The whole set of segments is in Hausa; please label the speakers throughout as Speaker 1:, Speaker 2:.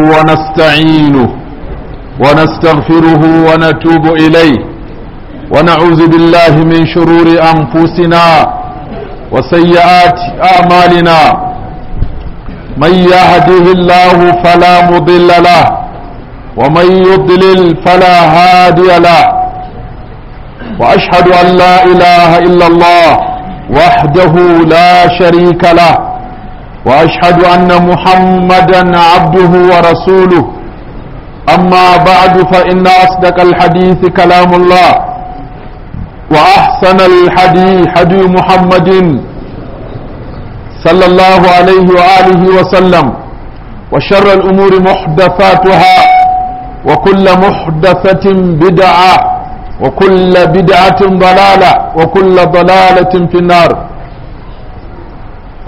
Speaker 1: ونستعينه ونستغفره ونتوب إليه ونعوذ بالله من شرور أنفسنا وسيئات أعمالنا من يهده الله فلا مضل له ومن يضلل فلا هادي له وأشهد أن لا إله إلا الله وحده لا شريك له واشهد ان محمدا عبده ورسوله اما بعد فان اصدق الحديث كلام الله واحسن الحديث حدي محمد صلى الله عليه واله وسلم وشر الامور محدثاتها وكل محدثه بدعه وكل بدعه ضلاله وكل ضلاله في النار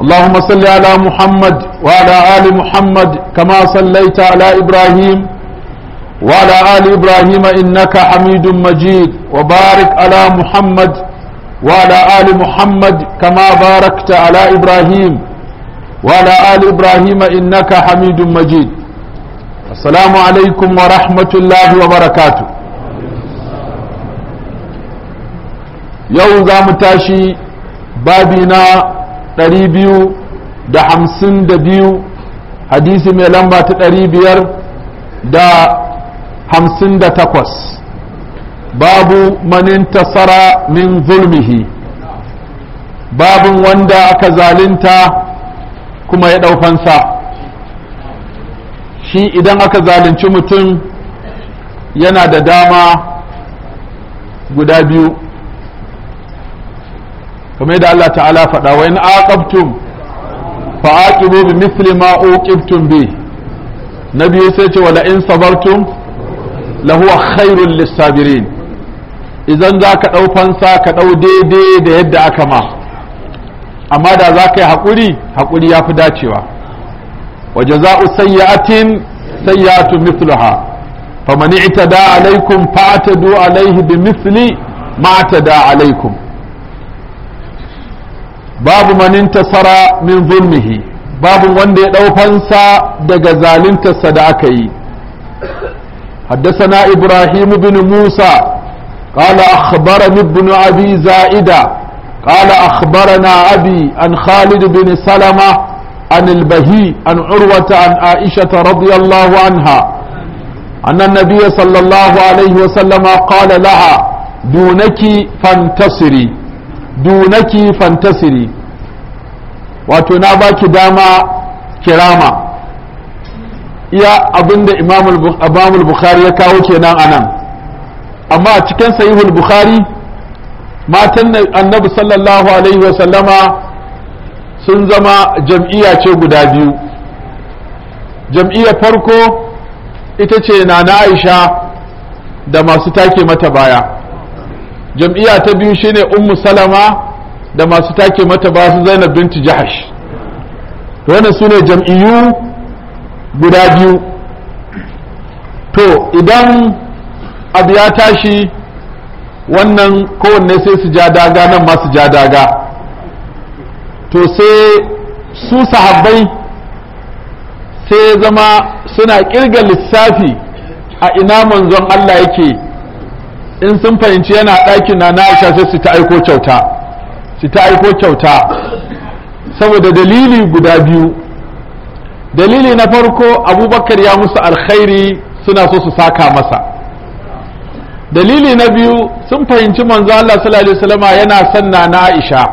Speaker 1: اللهم صل على محمد وعلى آل محمد كما صليت على إبراهيم وعلى آل إبراهيم إنك حميد مجيد وبارك على محمد وعلى آل محمد كما باركت على إبراهيم وعلى آل إبراهيم إنك حميد مجيد السلام عليكم ورحمة الله وبركاته يوم تاشي بابنا ɗari biyu da hamsin da biyu hadisi mai lamba ta ɗari biyar da hamsin da takwas babu manin tasara min zulmihi babin wanda aka zalinta kuma ya ɗaufansa shi idan aka zalunci mutum yana da dama guda biyu kamar da Allah ta'ala faɗa wa in aqabtum fa aqibu bi mithli ma uqibtum bi nabi sai ce wala in sabartum lahuwa khairul lissabirin idan za ka ɗau fansa ka ɗau daidai da yadda aka ma amma da za ka yi haƙuri haƙuri ya fi dacewa waje za'u sayyatin sayyatu mithluha faman i'tada alaikum fa'tadu alaihi bi mithli ma da alaikum babu manin tasara min zulmihi babu wanda ya ɗau fansa daga zaluntarsa da aka yi حدثنا إبراهيم بن موسى قال أخبرني ابن أبي زائدة قال أخبرنا أبي عن خالد بن سلمة عن البهي عن عروة عن عائشة رضي الله عنها أن النبي صلى الله عليه وسلم قال لها دونك فانتصري dunaki fantasiri wato na baki dama kirama iya abinda imamul bukhari ya kawo kenan anan amma a cikin sahihul bukhari matan annabi sallallahu alaihi wa sun zama jam'iyya ce guda biyu Jam'iyya farko ita ce na na aisha da masu take mata baya jam'iyya ta biyu shine ummu salama da masu take mata ba su zainab binti jahash wannan su jam'iyyu guda biyu to idan abu ya tashi wannan kowanne sai su ja daga nan ma su ja daga to sai su sahabbai sai zama suna kirga lissafi a ina manzon Allah yake in sun fahimci yana ɗakin na Aisha sai su ta aiko kyauta su ta aiko kyauta saboda dalili guda biyu dalili na farko abubakar ya musu alkhairi suna so su saka masa dalili na biyu sun fahimci manzo Allah sallallahu alaihi yana son na Aisha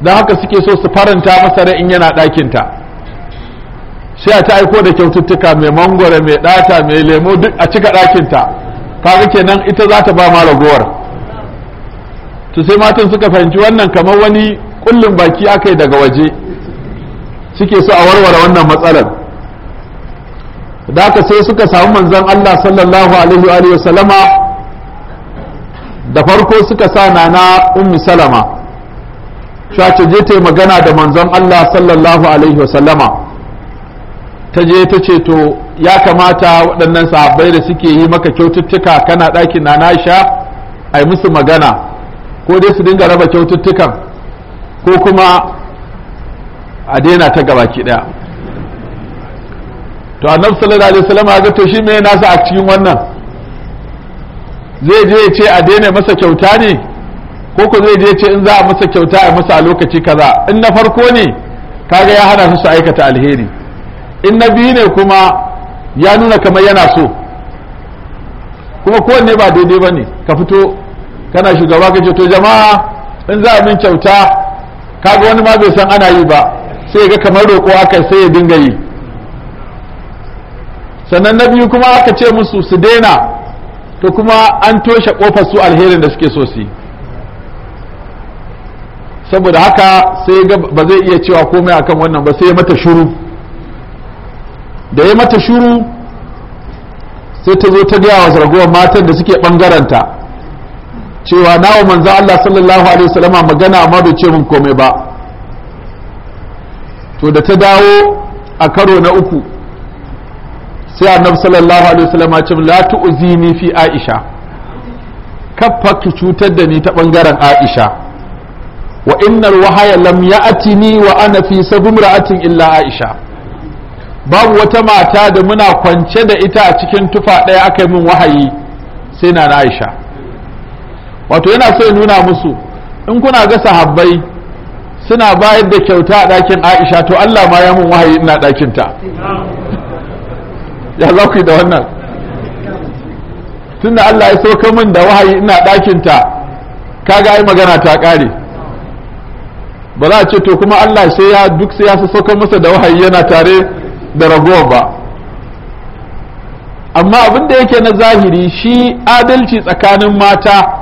Speaker 1: dan haka suke so su faranta masa in yana ɗakinta sai a ta aiko da kyaututtuka mai mangwara mai ɗata mai lemo duk a cika ɗakinta kaga kenan ita za ta ba ma ragowar to sai matan suka fahimci wannan kamar wani kullum baki aka yi daga waje suke so a warware wannan matsalar da sai suka samu manzon Allah sallallahu alaihi wa sallama da farko suka sa nana ummi salama cewa ta je ta magana da manzon Allah sallallahu alaihi wa sallama ta je ta ce to ya kamata waɗannan sahabbai da suke yi maka kyaututtuka kana ɗakin na nasha yi musu magana ko dai su dinga raba kyaututtukan ko kuma a daina ta gabaki ɗaya to annabi sallallahu alaihi wasallam ga to shi me nasa a cikin wannan zai je ya ce a daina masa kyauta ne ko ko zai je ce in za a masa kyauta a masa a lokaci kaza in na farko ne kaga ya hana su aikata alheri in na biyu ne kuma ya nuna kamar yana so kuma kowanne ba daidai ba ne ka fito kana shugaba ka ce to jama'a in za a min kyauta kaga wani ma bai san ana yi ba sai ga kamar roƙo aka sai ya dinga yi sannan na biyu kuma aka ce musu su daina to kuma an toshe ƙofar su alherin da suke so su saboda haka sai ba zai iya cewa komai akan wannan ba sai ya mata shuru da ya mata shuru sai ta zo ta gaya wa ragowar matan da suke bangaranta cewa nawa manzan Allah sallallahu alaihi wasallama magana amma bai ce mun komai ba to da ta dawo a karo na uku sai annab sallallahu alaihi wasallam ya ce la ni fi aisha kaffa ki cutar da ni ta ɓangaren aisha wa innal wahaya lam ya'tini wa ana fi sabumra'atin illa aisha babu wata mata da muna kwance da ita a cikin tufa ɗaya aka yi min wahayi sai na Aisha wato yana so ya nuna musu in kuna ga sahabbai suna bayar da kyauta a ɗakin Aisha to Allah ma ya min wahayi ina ɗakin ta ya za ku yi da wannan tunda Allah ya sauka min da wahayi ina ɗakin ta kaga ai magana ta ƙare ba za a ce to kuma Allah sai ya duk sai ya sauka masa da wahayi yana tare da ragowa ba amma abin da yake na zahiri shi adalci tsakanin mata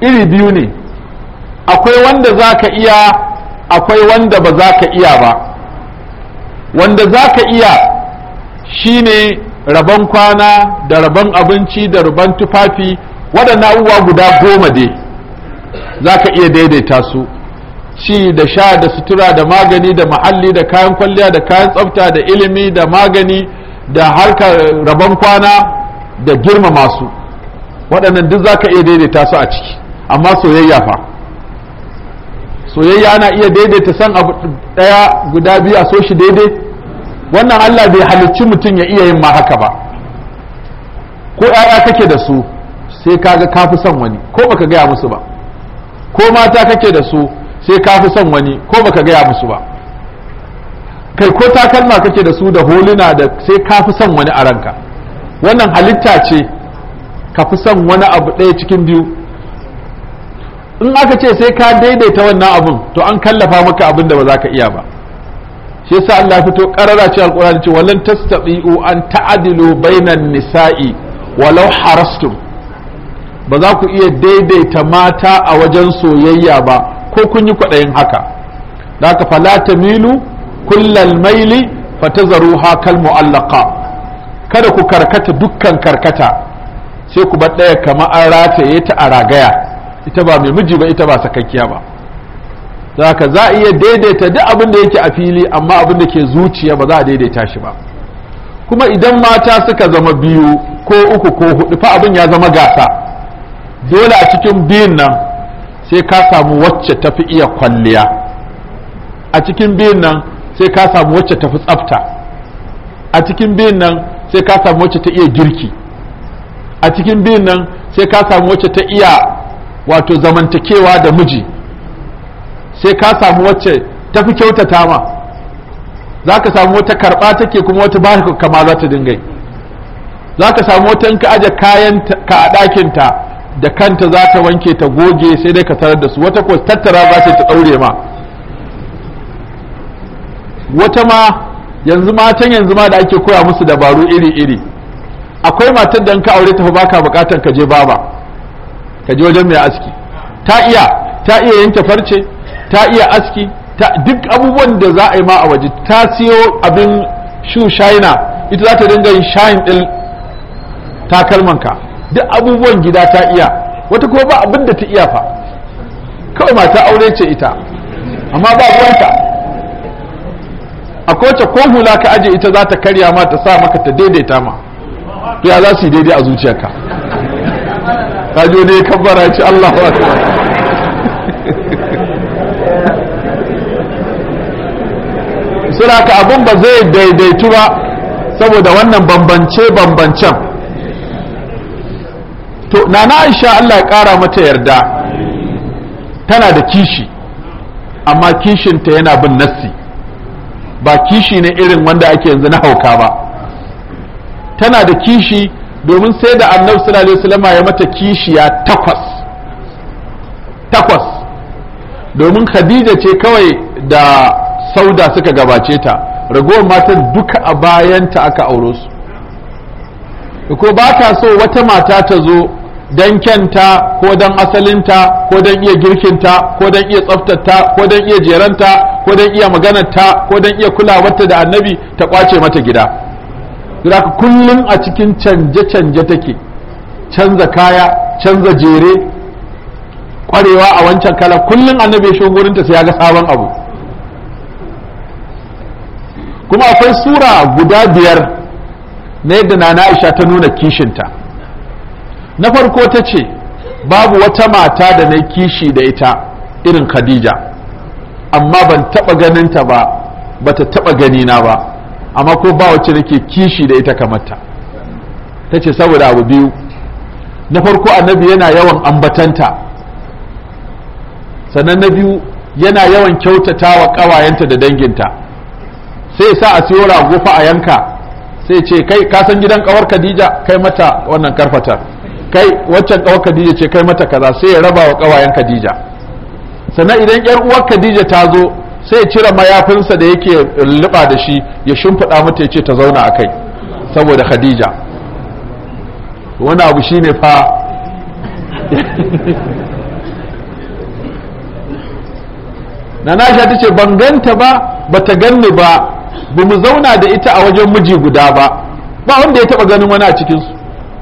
Speaker 1: iri biyu ne akwai wanda za ka iya akwai wanda ba za ka iya ba wanda za ka iya shine rabon kwana da rabon abinci da rabon tufafi waɗannan abubuwa guda goma dai za ka iya daidaita su ci da sha da sutura da magani da mahalli da kayan kwalliya da kayan tsafta da ilimi da magani da harkar rabon kwana da girmama su waɗannan duk za ka iya daidaita su a ciki amma soyayya fa soyayya ana iya daidaita son abu ɗaya guda biyu a so shi daidai wannan allah bai halicci mutum ya iya yin ma haka ba ko 'ya'ya kake da su sai kaga kafi son wani ko baka gaya musu ba ko mata kake da su sai ka fi son wani ko baka gaya musu ba kai ko takalma kake da su da holuna da sai ka fi son wani a ranka wannan halitta ce ka fi son wani abu ɗaya cikin biyu in aka ce sai ka daidaita wannan abun to an kallafa maka abin da ba za ka iya ba shi yasa Allah fito qarara ce alqur'ani ce walan tastabi'u an ta'dilu bainan nisa'i walau harastum ba za ku iya daidaita mata a wajen soyayya ba ko kun yi kwaɗayin haka da aka falata milu kullal maili zaru hakan mu'allaka kada ku karkata dukkan karkata sai ku bar ɗaya kama an rataye ta a ragaya ita ba mai miji ba ita ba sakakkiya ba Za ka za iya daidaita duk abin da yake a fili amma abin da ke zuciya ba za a daidaita shi ba kuma idan mata suka zama biyu ko uku ko hudu fa abin ya zama gasa dole a cikin biyun nan sai ka samu wacce tafi iya kwalliya a cikin biyun nan sai ka samu wacce tafi tsafta a cikin biyun nan sai ka samu wacce ta iya girki a cikin biyun nan sai ka samu wacce ta iya wato zamantakewa da miji sai ka samu wacce tafi kyautata ma za ka samu wata karɓa take kuma wata ba kama za ta dinga za ka samu wata in ka aje kayan ka a ɗakinta da kanta za ta wanke ta goge sai dai ka tarar da su wata ko tattara za ta ta ɗaure ma wata ma yanzu matan yanzu ma da ake koya musu dabaru iri-iri akwai matar da ka aure ta baka bukatar ka je baba ka je wajen mai aski ta iya ta iya yanke farce ta iya aski duk abubuwan da za a yi ma a waje ta siyo abin shu shaina ita za ta dinga yin shayin din takalmanka duk abubuwan gida ta iya wata kuma ba abin da ta iya fa kawai mata aure ce ita amma ba ruwanta a kowace ko hula ka aje ita za ta karya ma ta sa maka ta daidaita ma to ya za su yi daidai a zuciyarka ka jo dai bara ci Allah wa sura ka abin ba zai daidaitu ba saboda wannan bambance bambancen to nana aisha Allah ya kara mata yarda tana da kishi amma kishinta yana bin nassi ba kishi ne irin wanda ake yanzu na hauka ba tana da kishi domin sai da annabi sallallahu alaihi wasallam ya mata kishiya takwas takwas domin khadija ce kawai da sauda suka gabace ta ragowar matan duka a bayanta aka aure su ko ba ta so wata mata ta zo don kyanta ko don asalinta ko don iya girkinta ko don iya tsaftarta ko don iya jeranta ko don iya maganarta ko don iya kulawarta da annabi ta kwace mata gida ka kullum a cikin canje-canje take canza kaya canza jere kwarewa a wancan kala kullum annabi ya shigo gurinta sai ya ga sabon abu kuma akwai sura guda biyar na yadda nana aisha ta nuna kishinta na farko ta ce babu wata mata da na kishi da ita irin khadija amma ban taɓa ganinta ba bata taɓa na ba amma ko ba wacce nake kishi da ita kamar ta ce saboda abu biyu na farko annabi yana yawan ambatanta sannan na biyu yana yawan kyautata wa ƙawayenta da danginta sai sa a siyo rago fa a yanka sai ce kai ka san gidan kawar Khadija kai mata wannan karfatar kai waccan kawar Khadija ce kai mata kaza sai ya raba wa kawayen Khadija sannan idan yar uwar Khadija ta zo sai ya cire mayafinsa da yake liba da shi ya shimfiɗa mata ya ce ta zauna a kai saboda Khadija wani abu shine fa na nasha ta ce ban ganta ba ba ta ganni ba ba mu zauna da ita a wajen miji guda ba ba wanda ya taba ganin wani a cikinsu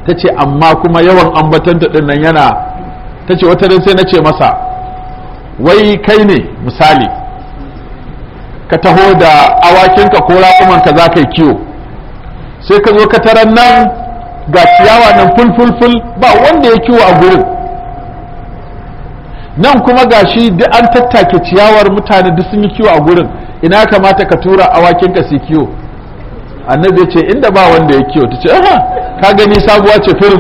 Speaker 1: ta ce amma kuma yawan ambatanta da nan yana ta ce wata sai na ce masa wai kai ne misali ka taho da awakinka ko raƙumanka za ka yi kiwo sai ka zo ka taran nan ga ciyawa nan fulfulful ba wanda ya kiwo a gurin nan kuma ga shi duk an tattake ciyawar mutane duk sun yi kiwo a gurin ina kamata ka tura awakinka su kiwo annabi ce inda ba wanda ya kiyo ta ce ka gani sabuwa ce fir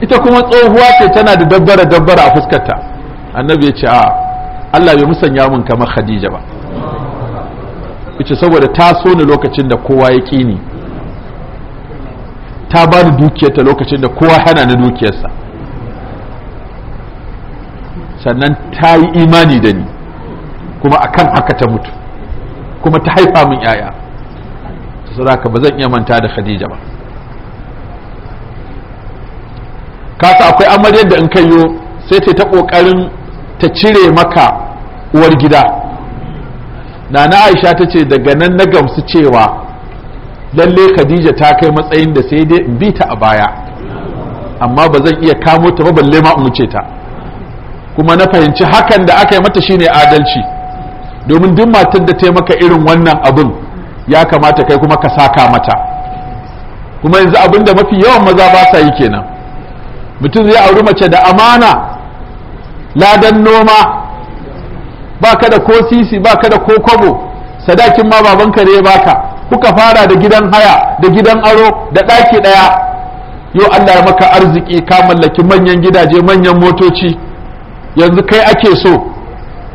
Speaker 1: ita kuma tsohuwa ce tana da dabbara dabbara a fuskarta annabi ya ce a Allah bai musanya mun kamar Khadija ba ita saboda ta so ni lokacin da kowa ya ƙi ta ba ni dukiyarta lokacin da kowa hana ni dukiyarsa sannan ta yi imani da ni kuma akan haka ta mutu kuma ta haifa min yaya sadaka ba zan iya manta da khadija ba kasa akwai amaryar da in kayo sai ta ta kokarin ta cire maka uwar gida nana aisha ta ce daga nan na gamsu cewa lalle khadija ta kai matsayin da sai dai in bi ta a baya amma ba zan iya kamo ta ba balle ma in wuce ta kuma na fahimci hakan da aka yi mata shine adalci domin duk matar da ta maka irin wannan abin ya kamata kai kuma ka saka mata kuma yanzu abin da mafi yawan maza ba sa yi kenan mutum zai auri mace da amana ladan noma ba ka da ko sisi ba ka da ko kwabo sadakin ma baban kare baka kuka fara da gidan haya da gidan aro da ɗaki ɗaya yau Allah maka arziki ka mallaki manyan gidaje manyan motoci yanzu kai ake so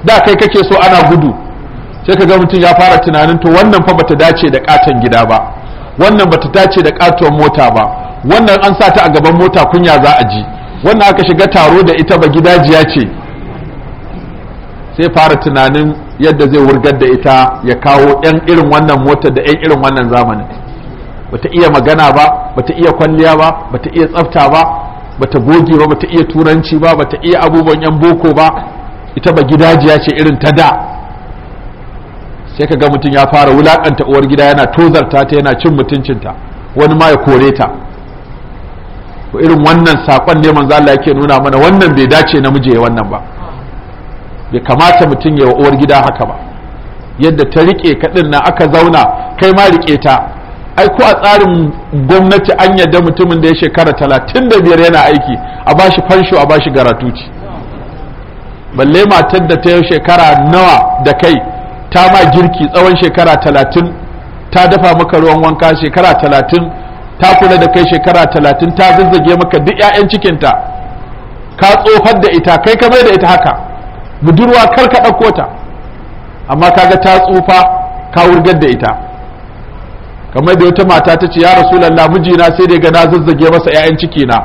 Speaker 1: da kai kake so ana gudu sai ka ga mutum ya fara tunanin to wannan fa bata dace da katon gida ba wannan bata dace da katon mota ba wannan an sa ta a gaban mota kunya za a ji wannan aka shiga taro da ita ba gidajiya ce sai fara tunanin yadda zai wurgar da ita ya kawo 'yan irin wannan motar da 'yan irin wannan zamanin bata iya magana ba bata iya kwalliya ba bata iya tsafta ba bata goge ba bata iya turanci ba bata iya abubuwan 'yan boko ba ita ba gidajiya ce irin ta da sai ka ga mutum ya fara wulakanta uwar gida yana tozarta ta yana cin mutuncinta wani ma ya kore ta irin wannan sakon ne manzo Allah yake nuna mana wannan bai dace namiji ya wannan ba bai kamata mutum ya wa uwar gida haka ba yadda ta rike kaɗin na aka zauna kai ma rike ta ai ko a tsarin gwamnati an yadda mutumin da ya shekara talatin da biyar yana aiki a bashi fansho a bashi garatuci balle matar da ta yi shekara nawa da kai ta ma girki tsawon shekara talatin ta dafa maka ruwan wanka shekara talatin ta kula da kai shekara talatin ta zazzage maka duk 'ya'yan cikinta ka tsofar da ita kai ka mai da ita haka budurwa kar ka ɗauko ta amma kaga ta tsufa ka wurgar da ita kamar da wata mata ta ce ya rasulallah mijina sai dai ga na zazzage masa 'ya'yan cikina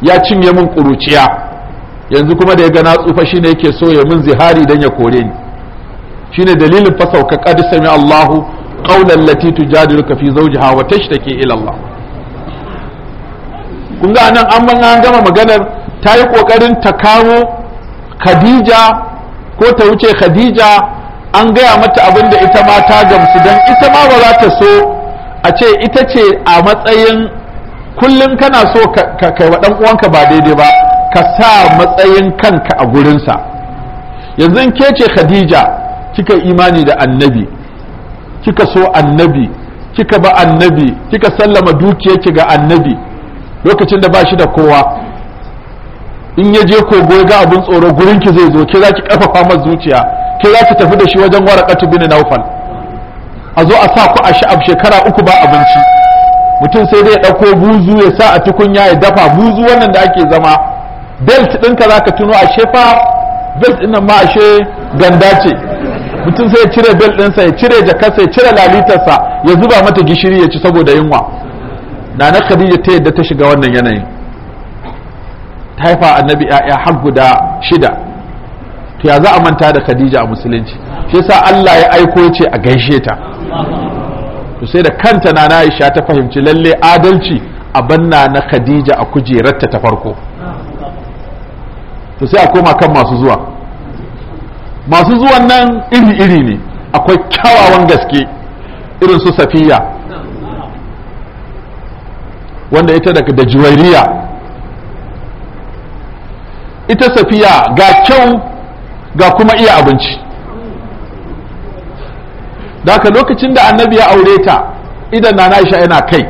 Speaker 1: ya cinye min ƙuruciya yanzu kuma da ya gana tsufa shine yake so ya mun zihari dan ya kore ni shine dalilin fa sauka qad sami Allahu qawlan lati tujadiluka fi zawjiha wa tashtaki ila Allah kun ga nan an ban an gama maganar ta yi kokarin ta kawo Khadija ko ta wuce Khadija an gaya mata abin da ita ma ta gamsu don ita ma ba za ta so a ce ita ce a matsayin kullum kana so ka kai wa uwanka ba daidai ba ka sa matsayin kanka a gurinsa yanzu in ke ce khadija kika imani da annabi kika so annabi kika ba annabi kika sallama dukiyarki ga annabi lokacin da ba shi da kowa in ya je kogo ga abin tsoro gurin ki zai zo ke za ki karfafa masa zuciya ke za ki tafi da shi wajen waraka bin naufal a zo a sa ku a sha'ab shekara uku ba abinci mutum sai dai ya ɗauko buzu ya sa a tukunya ya dafa buzu wannan da ake zama belt ɗinka za ka tuno ashe fa belt ɗin nan ma ashe ganda ce mutum sai ya cire belt ɗinsa ya cire jakarsa ya cire lalitarsa ya zuba mata gishiri ya ci saboda yunwa nana khadija ta yadda ta shiga wannan yanayin ta haifa annabi 'ya har guda shida to ya za a manta da khadija a musulunci shi yasa Allah ya aiko ce a gaishe ta to sai da kanta nana Aisha ta fahimci lalle adalci a banna na Khadija a kujerarta ta farko to sai a koma kan masu zuwa masu zuwan nan iri-iri ne akwai kyawawan gaske irin su safiya wanda ita daga da juwairiya ita safiya ga kyau ga kuma iya abinci da lokacin da annabi ya aure ta idan na aisha yana kai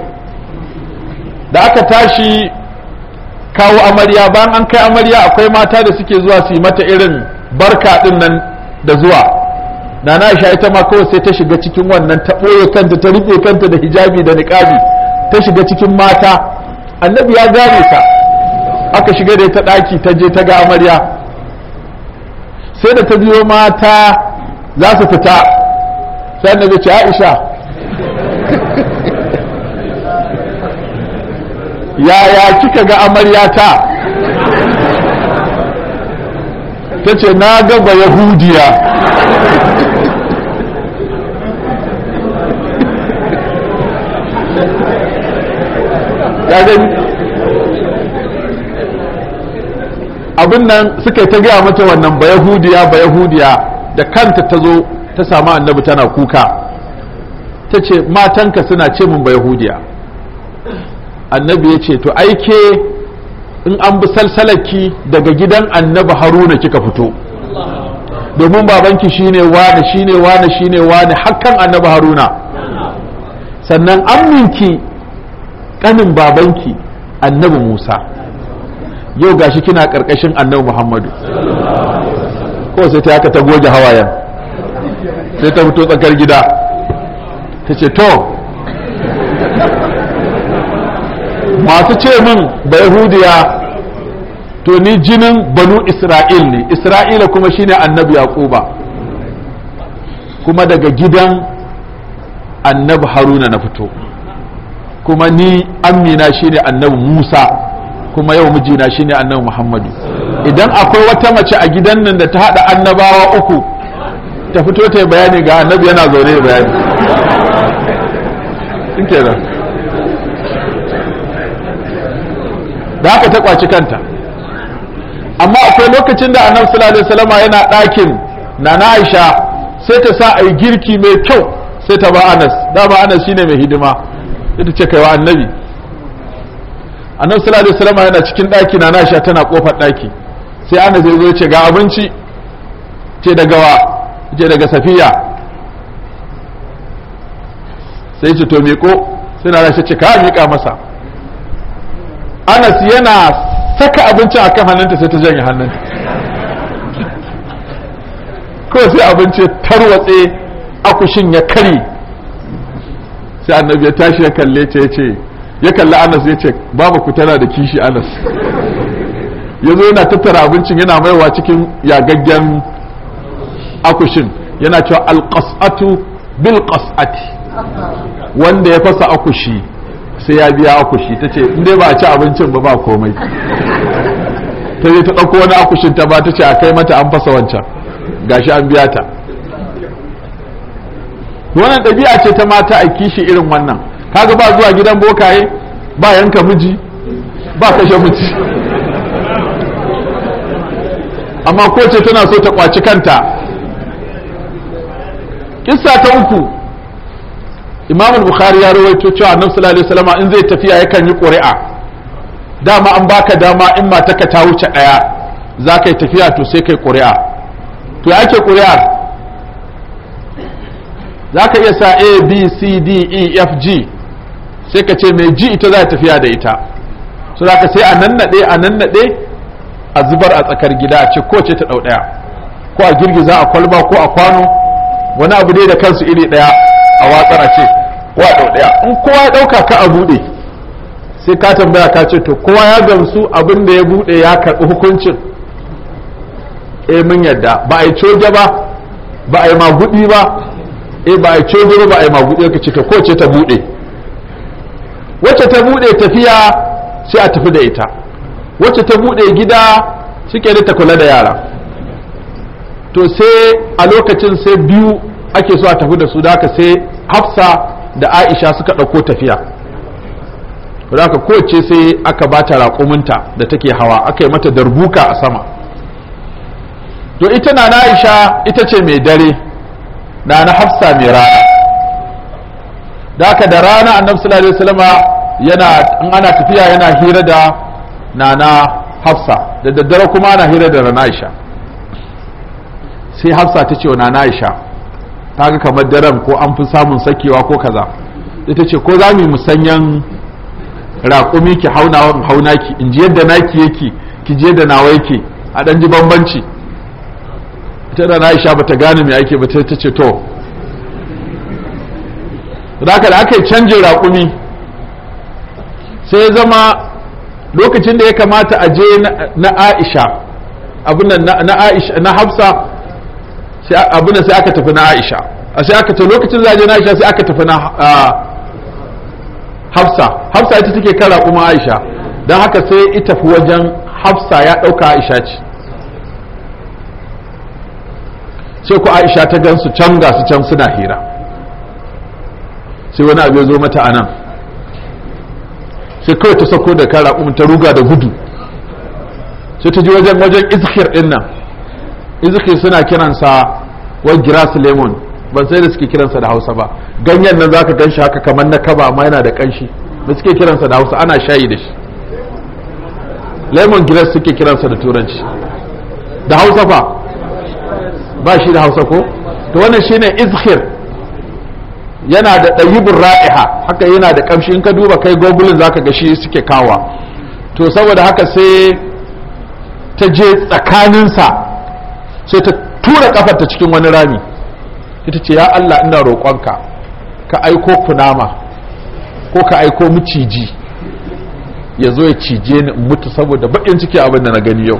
Speaker 1: da aka tashi kawo amarya bayan an kai amarya akwai mata da suke zuwa su yi mata irin barka din nan da zuwa nana Aisha ita ma kawai sai ta shiga cikin wannan ta ɓoye kanta ta rufe kanta da hijabi da niƙabi. ta shiga cikin mata annabi ya gane ta aka shiga da ta ɗaki ta je ta ga amarya sai da ta biyo mata za su fita sai annabi ce Aisha yaya kika ga amaryata ta ce na gaba yahudiya abin nan suka ta gaya mata wannan ba yahudiya ba yahudiya da kanta ta zo ta samu annabi tana kuka ta ce matanka suna ce min ba yahudiya annabi ya ce to aike in an bi salsalaki daga gidan annabi haruna kika fito domin babanki shi ne wane ne wane ne wane hakan annabi haruna sannan amminki kanin babanki annabi musa yau gashi kina karkashin annabi muhammadu ko sai ta haka ta goge hawayen sai ta fito tsakar gida ta ce to masu ce min da yahudiya to ni jinin banu isra'il ne isra'ila kuma shine annabi yaquba kuma daga gidan annabi haruna na fito kuma ni amina shine annabi musa kuma yau mijina shine annabi muhammadu idan akwai wata mace a gidan nan da ta hada annabawa uku ta fito ta yi bayani ga annabi yana zaune bayani kenan da haka ta kwaci kanta amma akwai lokacin da annabi sallallahu alaihi wasallam yana ɗakin nana Aisha sai ta sa ai girki mai kyau sai ta ba Anas da ba Anas shine mai hidima ita ce kaiwa annabi annabi sallallahu alaihi wasallam yana cikin daki nana Aisha tana kofar daki sai Anas zai zo ce ga abinci ce daga wa ce daga Safiya sai ce to miko sai nana Aisha ce ka mika masa anas yana saka abinci a kan hannunta sai ta janye hannunta ko sai abinci tarwatse akushin ya kari sai annabi ya tashi ya kalle ta ya ce ya kalli anas ya ce babu ku tana da kishi anas ya zo yana tattara abincin yana maiwa cikin yagaggen akushin yana cewa alƙas'atu bil wanda ya fasa akushi sai ya biya akushi ta ce in dai ba a ci abincin ba ba komai ta ta ɗauko wani akushin ta ba ta ce a kai mata an fasa wancan gashi an biya ta wannan ɗabi'a ce ta mata a kishi irin wannan kaga ba zuwa gidan bokaye ba yanka miji ba kashe miji amma ko ce tana so ta kwaci kanta kissa ta uku Imamul bukhari ya rawaito cewa annabi sallallahu alaihi wasallam in zai tafiya yakan yi ƙuri'a dama an baka dama in taka ta wuce ɗaya za ka yi tafiya to sai kai ƙuri'a to ya ake ƙuri'a za iya sa a b c d e f g sai ka ce mai ji ita za ta tafiya da ita so sai a nannaɗe a nannaɗe a zubar a tsakar gida a ce ko ce ta ɗau daya. ko a girgiza a kwalba ko a kwano wani abu dai da kansu iri ɗaya a watsar a ce kowa ɗau ɗaya in kowa ya ɗauka ka a buɗe sai ka tambaya ka ce to kowa ya gamsu abin da ya buɗe ya karɓi hukuncin eh mun yadda ba a yi coge ba ba a yi magudi ba eh ba a yi coge ba a yi magudi ka ce to ko ce ta buɗe wacce ta buɗe tafiya sai a tafi da ita wacce ta buɗe gida shi ta kula da yara to sai a lokacin sai biyu ake so a tafi da su da haka sai hafsa da aisha suka ɗauko tafiya da kowace sai aka ba ta raƙuminta da take hawa aka yi mata darbuka a sama to ita na na aisha ita ce mai dare na na hafsa mai rana da haka da rana annabi sallallahu alaihi Salama yana in ana tafiya yana hira da na na hafsa da daddare kuma ana hira da na aisha sai hafsa ta ce wa nana aisha kaga kamar daren ko an fi samun sakewa ko kaza ita ce ko za mu yi musanyan raƙumi ki hauna hauna ki in ji yadda naki yake ki je da nawa yake a dan ji bambanci ita da Aisha bata gane mai ake ba ta ce to zaka da aka yi canjin raƙumi sai zama lokacin da ya kamata a je na Aisha abin na Aisha na Hafsa sai abu da sai aka tafi na Aisha a sai aka ta lokacin zaje na Aisha sai aka tafi na ah, Hafsa Hafsa ita take kara kuma Aisha dan haka sai ita fi wajen Hafsa ya dauka Aisha ce sai ku Aisha ta gansu can ga su can suna hira sai wani abu ya zo mata anan sai kawai ta sako da kara ta ruga da gudu sai ta ji wajen wajen izhir din nan suke suna kiransa wai giras lemon ban sai da suke kiransa da hausa ba ganyen nan zaka ganshi haka kamar na kaba amma yana da kanshi da suke kiransa da hausa ana shayi da shi lemon giras suke kiransa da turanci da hausa fa ba shi da hausa ko to wannan shine izhir yana da ɗayibin ra'iha haka yana da kamshi in ka duba kai gogulin zaka ga shi suke kawa to saboda haka sai ta je tsakaninsa sai ta tura kafarta cikin wani rami ita ce ya Allah ina roƙonka ka aiko kunama ko ka aiko miciji ya zo ya cije ni mutu saboda baƙin ciki abin da na gani yau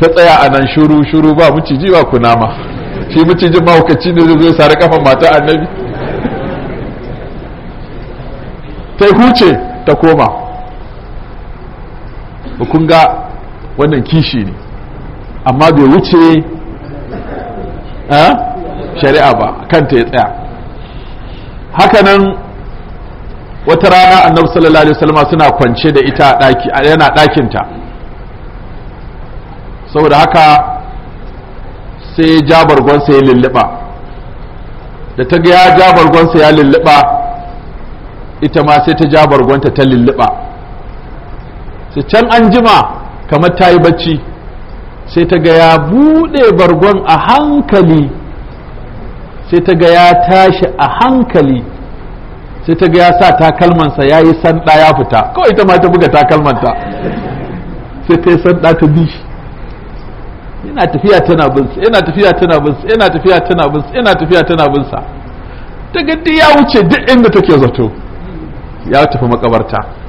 Speaker 1: ta tsaya a nan shuru shuru ba miciji ba kunama shi micijin mahaukaci ne zai zo ya sare kafan mata annabi ta huce ta koma kun ga wannan kishi ne amma bai wuce eh, shari'a ba kanta ya tsaya hakanan wata rana annabi sallallahu alaihi suna kwance da ita daki yana ɗakinta saboda haka sai jabargonsa ya lulluɓa da ta ga ya ya lulluɓa ita ma sai ta ja bargonta ta lulluɓa sai can an jima kamar ta yi bacci sai ta ga ya buɗe bargon a hankali sai ta ga ya tashi a hankali sai ta ga ya sa takalmansa ya yi sanda ya fita kawai ita ma ta buga takalmanta sai ta yi sanda ta bi yana tafiya tana binsa yana tafiya tana binsa yana tafiya tana binsa yana tafiya tana binsa ta ga ya wuce duk inda take zato ya tafi makabarta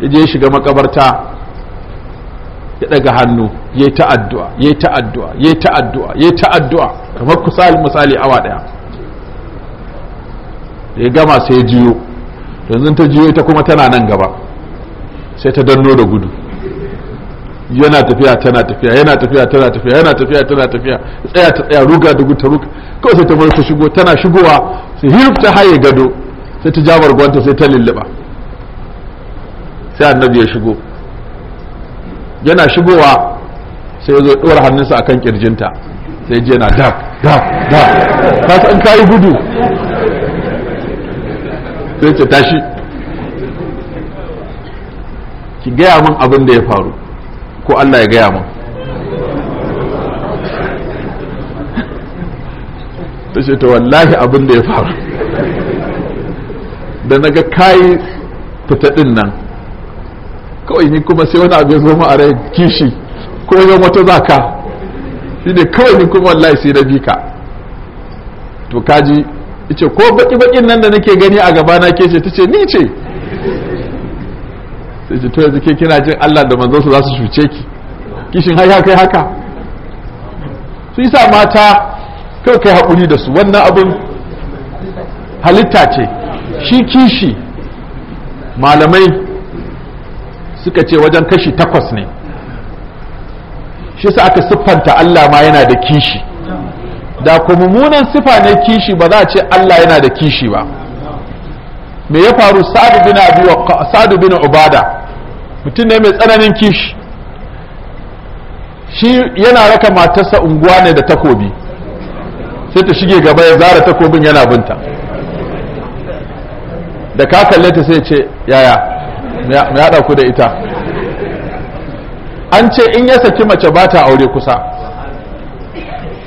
Speaker 1: ya je shiga makabarta ya daga hannu ya yi ta'addu'a ya yi ta'addu'a ya yi ta'addu'a ya yi ta'addu'a kamar kusali misali awa daya da ya gama sai ya jiyo yanzu ta jiyo ita kuma tana nan gaba sai ta danno da gudu yana tafiya tana tafiya yana tafiya tana tafiya yana tafiya tana tafiya tsaya ta tsaya ruga da guta ruga kawai sai ta bar ta shigo tana shigowa sai hirf ta haye gado sai ta jabar gwanta sai ta lullaba sai annabi ya shigo yana shigowa sai ya zo ɗora hannunsa a kan ƙirjinta sai je na da da da ta san kayi gudu sai ce tashi ki gaya min abin da ya faru ko Allah ya gaya min ta ce ta wallahi abin da ya faru da na ga kayi fitaɗin nan kawai ni kuma sai wani abu ya zo a rai kishi ko wata zaka shi ne kawai ni kuma wallahi sai na bi ka to kaji ice ko baki bakin nan da nake gani a gaba na ke ce tace ni ce sai ce to yanzu ke kina jin Allah da manzon su za su cuce ki kishin har kai haka su Isa mata kawai kai hakuri da su wannan abun halitta ce shi kishi malamai suka ce wajen kashi takwas ne shi sa aka siffanta Allah ma yana da kishi da kuma mummunan sifa ne kishi ba za a ce Allah yana da kishi ba me ya faru sadu bin ubada mutum ne mai tsananin kishi shi yana raka matarsa unguwa ne da takobi sai ta shige gaba ya zara takobin yana binta da ka kalle ta sai ce yaya ya da ku da ita an ce in ya saki mace ba ta aure kusa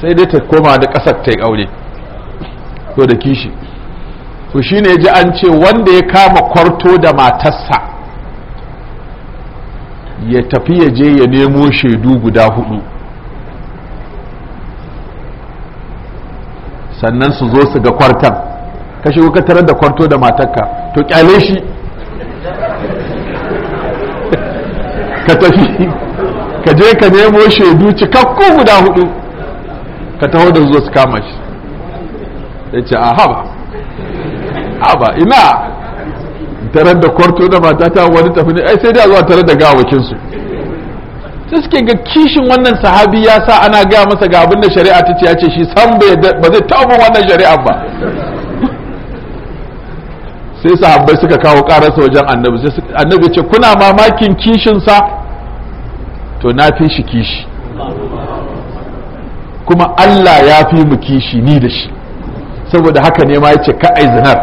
Speaker 1: sai dai ta koma da ƙasar ta yi aure ko da kishi to shi ne ji an ce wanda ya kama kwarto da matarsa ya tafi ya je ya nemo shaidu guda hudu sannan su zo su ga kwartan ka shigo ka da kwarto da matarka to kyale shi ka tafi ka je ka nemo shaidu cikakku guda hudu ka taho da zuwa su kama shi ya ce a haba haba ina tare da kwarto da mata ta wani tafi ne ai sai dai zuwa tare da gawakinsu sai suke ga kishin wannan sahabi ya sa ana gaya masa ga abin da shari'a ta ce ya ce shi san ba zai taɓa wannan shari'a ba sai sahabbai suka kawo ƙararsa wajen annabi annabi ce kuna mamakin kishinsa to na fi shi kishi kuma Allah ya fi mu kishi ni da shi saboda haka ne ma ya ce ka'ai zinar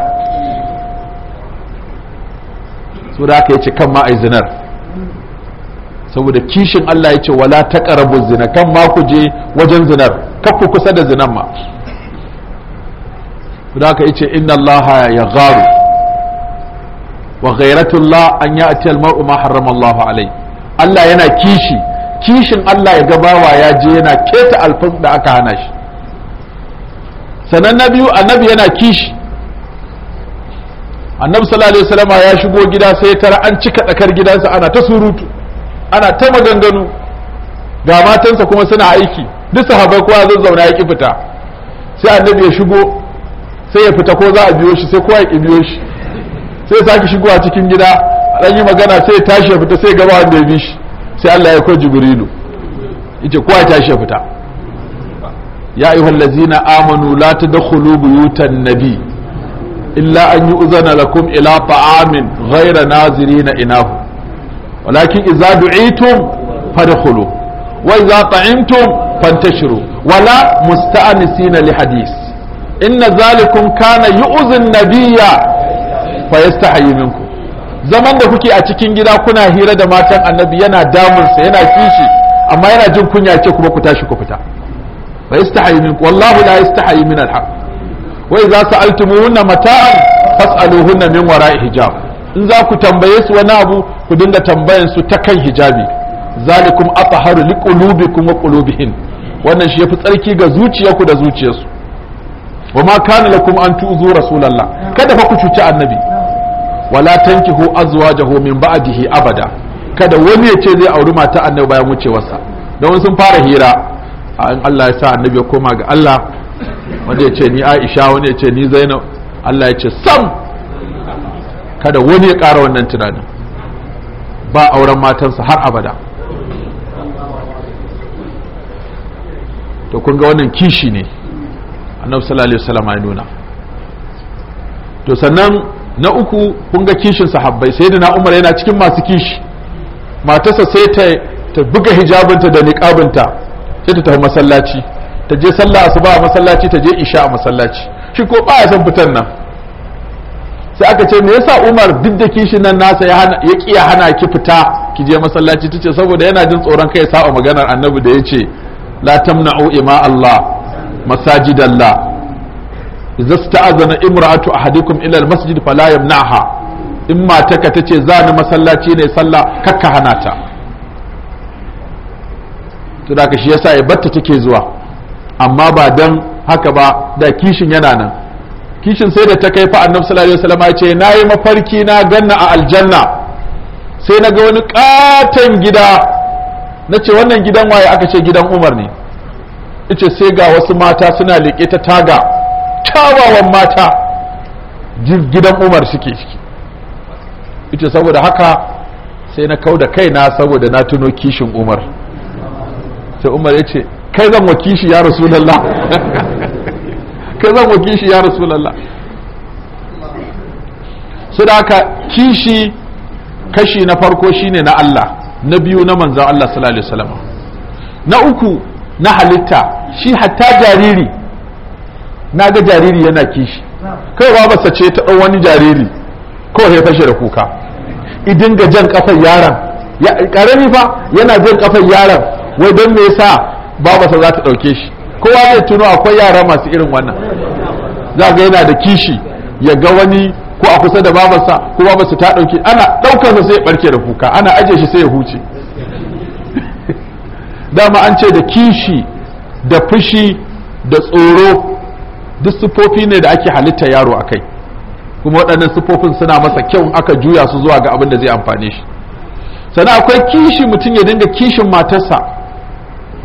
Speaker 1: saboda haka ya ce kan ma zinar saboda kishin Allah ya ce wala ta ƙarabu zina kan ma ku je wajen zinar kan kusa da zinar ma saboda haka ya ce inna Allah ya garu wa ghairatullah an ya'ti al-mar'u ma harrama Allah alai Allah yana kishi kishin Allah ya gabawa ya je yana keta alfin da aka hana shi sanan na biyu annabi yana kishi annabi sallallahu alaihi wasallama ya shigo gida sai tara an cika tsakar gidansa ana ta surutu ana ta maganganu ga matansa kuma suna aiki duk sahabbai kowa zai zauna ya ki fita sai annabi ya shigo sai ya fita ko za a biyo shi sai kowa ya ki biyo shi sai sake shigowa cikin gida dan yi magana sai tashi ya fita sai gaba wanda ya bi shi sai Allah ya ko jibrilu yace kowa tashi ya fita ya ayyuhal ladzina amanu la tadkhulu buyutan nabi illa an yu'zana lakum ila ta'amin ghayra nazirina inahu walakin idza du'itum fadkhulu wa idza ta'imtum fantashiru wala musta'anisina lihadith إن yi كان يؤذي النبي fa yastahi zaman da kuke a cikin gida kuna hira da matan annabi yana damunsa yana kishi amma yana jin kunya ce kuma ku tashi ku fita fa yastahi minkum wallahu la yastahi min alhaq wa idza sa'altumuhunna mata'an fas'aluhunna min wara'i hijab in za ku tambaye su wani abu ku dinga tambayan su ta kan hijabi zalikum atahharu liqulubikum wa qulubihin wannan shi yafi tsarki ga zuciyarku da zuciyarsu wa ma kana lakum an tu'zu rasulallah kada fa ku cuci annabi wala tankihu azwajahu min ba'dihi abada kada wani ya ce zai auri mata annabi bayan wucewarsa don sun fara hira an Allah ya sa annabi ya koma ga Allah wanda ya ce ni Aisha wani ya ce ni Zainab Allah ya ce sam kada wani ya ƙara wannan tunanin ba auren matansa har abada to kun ga wannan kishi ne annabi sallallahu alaihi wasallam ya nuna to sannan na uku kun ga kishin sahabbai sai da na umar yana cikin masu kishi matarsa sai ta buga hijabinta da niqabinta sai ta tafi masallaci ta je sallah asuba a masallaci ta je isha a masallaci shi ko ba san fitan nan sai aka ce me yasa Umar duk da kishin nan nasa ya hana ya kiya hana ki fita ki je masallaci Ta ce saboda yana jin tsoron kai sa'a maganar Annabi da yace la tamna'u ima Allah masajidallah idza sta'azana imra'atu ahadikum ila almasjid fala yamna'ha in mataka tace za ni masallaci ne sallah kakka hana ta to da shi yasa ya batta take zuwa amma ba dan haka ba da kishin yana nan kishin sai da ta kai fa annabi sallallahu alaihi wasallam ya ce nayi mafarki na ganna a aljanna sai na ga wani katan gida na ce wannan gidan waye aka ce gidan umar ne ice sai ga wasu mata suna leƙe ta taga kyawawan mata gidan umar suke ciki ita saboda haka sai na kau da kaina saboda na tuno kishin umar sai umar ya ce kai zan wa kishi ya lalla. kai zan wa kishi ya lalla. su da haka kishi kashi na farko shine na Allah na biyu na manzan Allah sallallahu alaihi na uku na halitta shi hatta jariri na ga jariri yana kishi kai basa ce ta ɗau wani jariri ko ya fashe da kuka idin ga jan kafar yaron karami fa yana jan kafar yaron wai don me yasa basa za ta ɗauke shi kowa zai tuno akwai yara masu irin wannan za ga yana da kishi ya ga wani ko a kusa da babarsa ko babarsa ta ɗauke ana ɗaukarsa sai ya da kuka ana aje shi sai ya huce dama an ce da kishi da fushi da tsoro duk sufofi ne da ake halitta yaro a kai kuma waɗannan sufofin suna masa kyau in aka juya su zuwa ga abin da zai amfane shi sannan akwai kishi mutum ya dinga kishin matarsa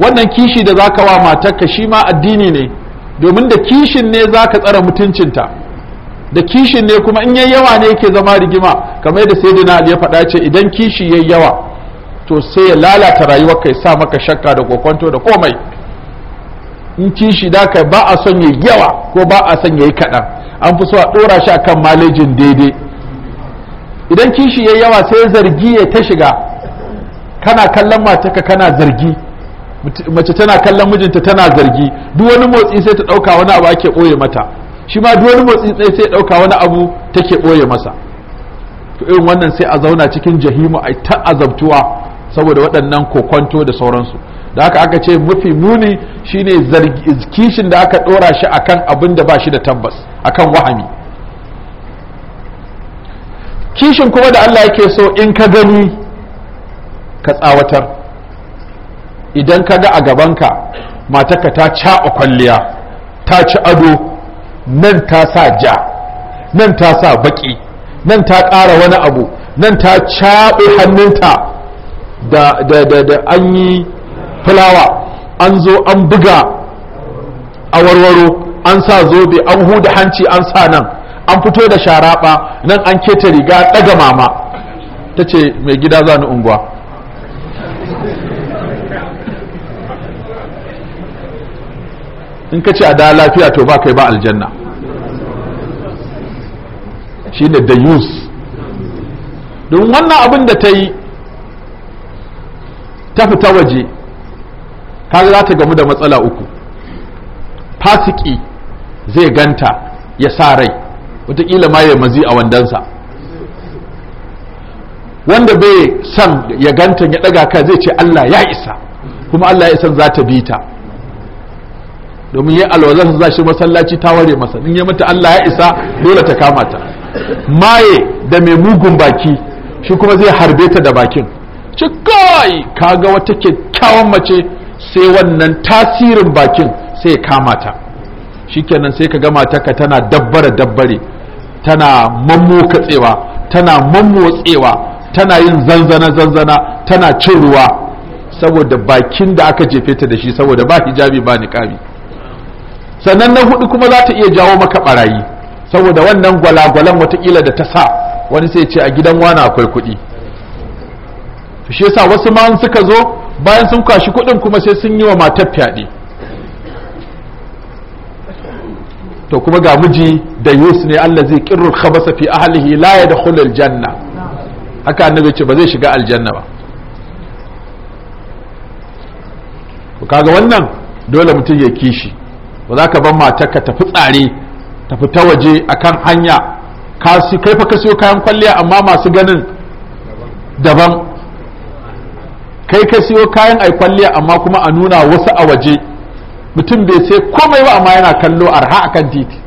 Speaker 1: wannan kishi da zaka wa matarka shi ma addini ne domin da kishin ne zaka tsara mutuncinta da kishin ne kuma in yayi yawa ne yake zama rigima kamar yadda sayyidina Ali ya faɗa ce idan kishi yayi yawa to sai ya lalata rayuwarka kai sa maka shakka da kokonto da komai in kishi da kai ba a son yayi yawa ko ba a son yayi kaɗan an fi so a ɗora shi akan malejin daidai idan kishi ya yawa sai zargi ya ta shiga kana kallon matarka kana zargi mace tana kallon mijinta tana zargi duk wani motsi sai ta ɗauka wani abu ake ɓoye mata shi ma duk wani motsi sai ta ɗauka wani abu take ɓoye masa to irin wannan sai a zauna cikin jahimu a ta azabtuwa saboda waɗannan kokwanto da sauransu da haka aka ce mafi muni shine kishin da aka ɗora shi akan abin da ba shi da tabbas akan wahami kishin kuma da Allah yake so in ka gani ka tsawatar idan ka ga a gabanka matarka ta caɓa kwalliya ta ci ado nan ta sa ja nan ta sa baki nan ta ƙara wani abu nan ta caɓe hannunta da an yi fulawa an zo an buga a warwaro an sa zobe an huda hanci an sa nan an fito da sharaɓa nan an keta riga ɗaga mama ta ce mai gida za ni unguwa in ka ce a da lafiya to ba kai ba aljanna shi ne da yus don wannan abin da ta yi ta fita waje kaga za ta gamu da matsala uku fasiki zai ganta ya sa rai watakila ma ya mazi a wandansa wanda bai san ya ganta ya ɗaga ka zai ce Allah ya isa kuma Allah ya san za ta bi ta domin ya alwazar za shi masallaci ta ware masa in ya mata Allah ya isa dole ta kama ta maye da mai mugun baki shi kuma zai harbe ta da bakin ce kai kaga wata kyakkyawan mace sai wannan tasirin bakin sai kama ta shikenan sai ka gama ta ka tana dabbare dabbare tana mammokatsewa tana mammotsewa tana yin zanzana zanzana tana cin ruwa saboda bakin da aka jefe ta da shi saboda ba hijabi ba niqabi sannan na hudu kuma za ta iya jawo maka barayi saboda wannan gwalagwalan watakila da ta sa wani sai ce a gidan wani akwai kuɗi shi yasa wasu ma suka zo bayan sun kwashi kuɗin kuma sai sun yi wa matar fyaɗe to kuma ga miji da yus ne Allah zai kirru khabasa fi ahlihi la yadkhul aljanna haka annabi ce ba zai shiga aljanna ba ku kaga wannan dole mutum ya kishi ba za ka bar ka tafi tsare tafi ta waje akan hanya kai fa ka siyo kayan kwalliya amma masu ganin daban kai ka siyo kayan ai kwalliya amma kuma a nuna wasu a waje mutum bai sai komai ba amma yana kallo arha akan titi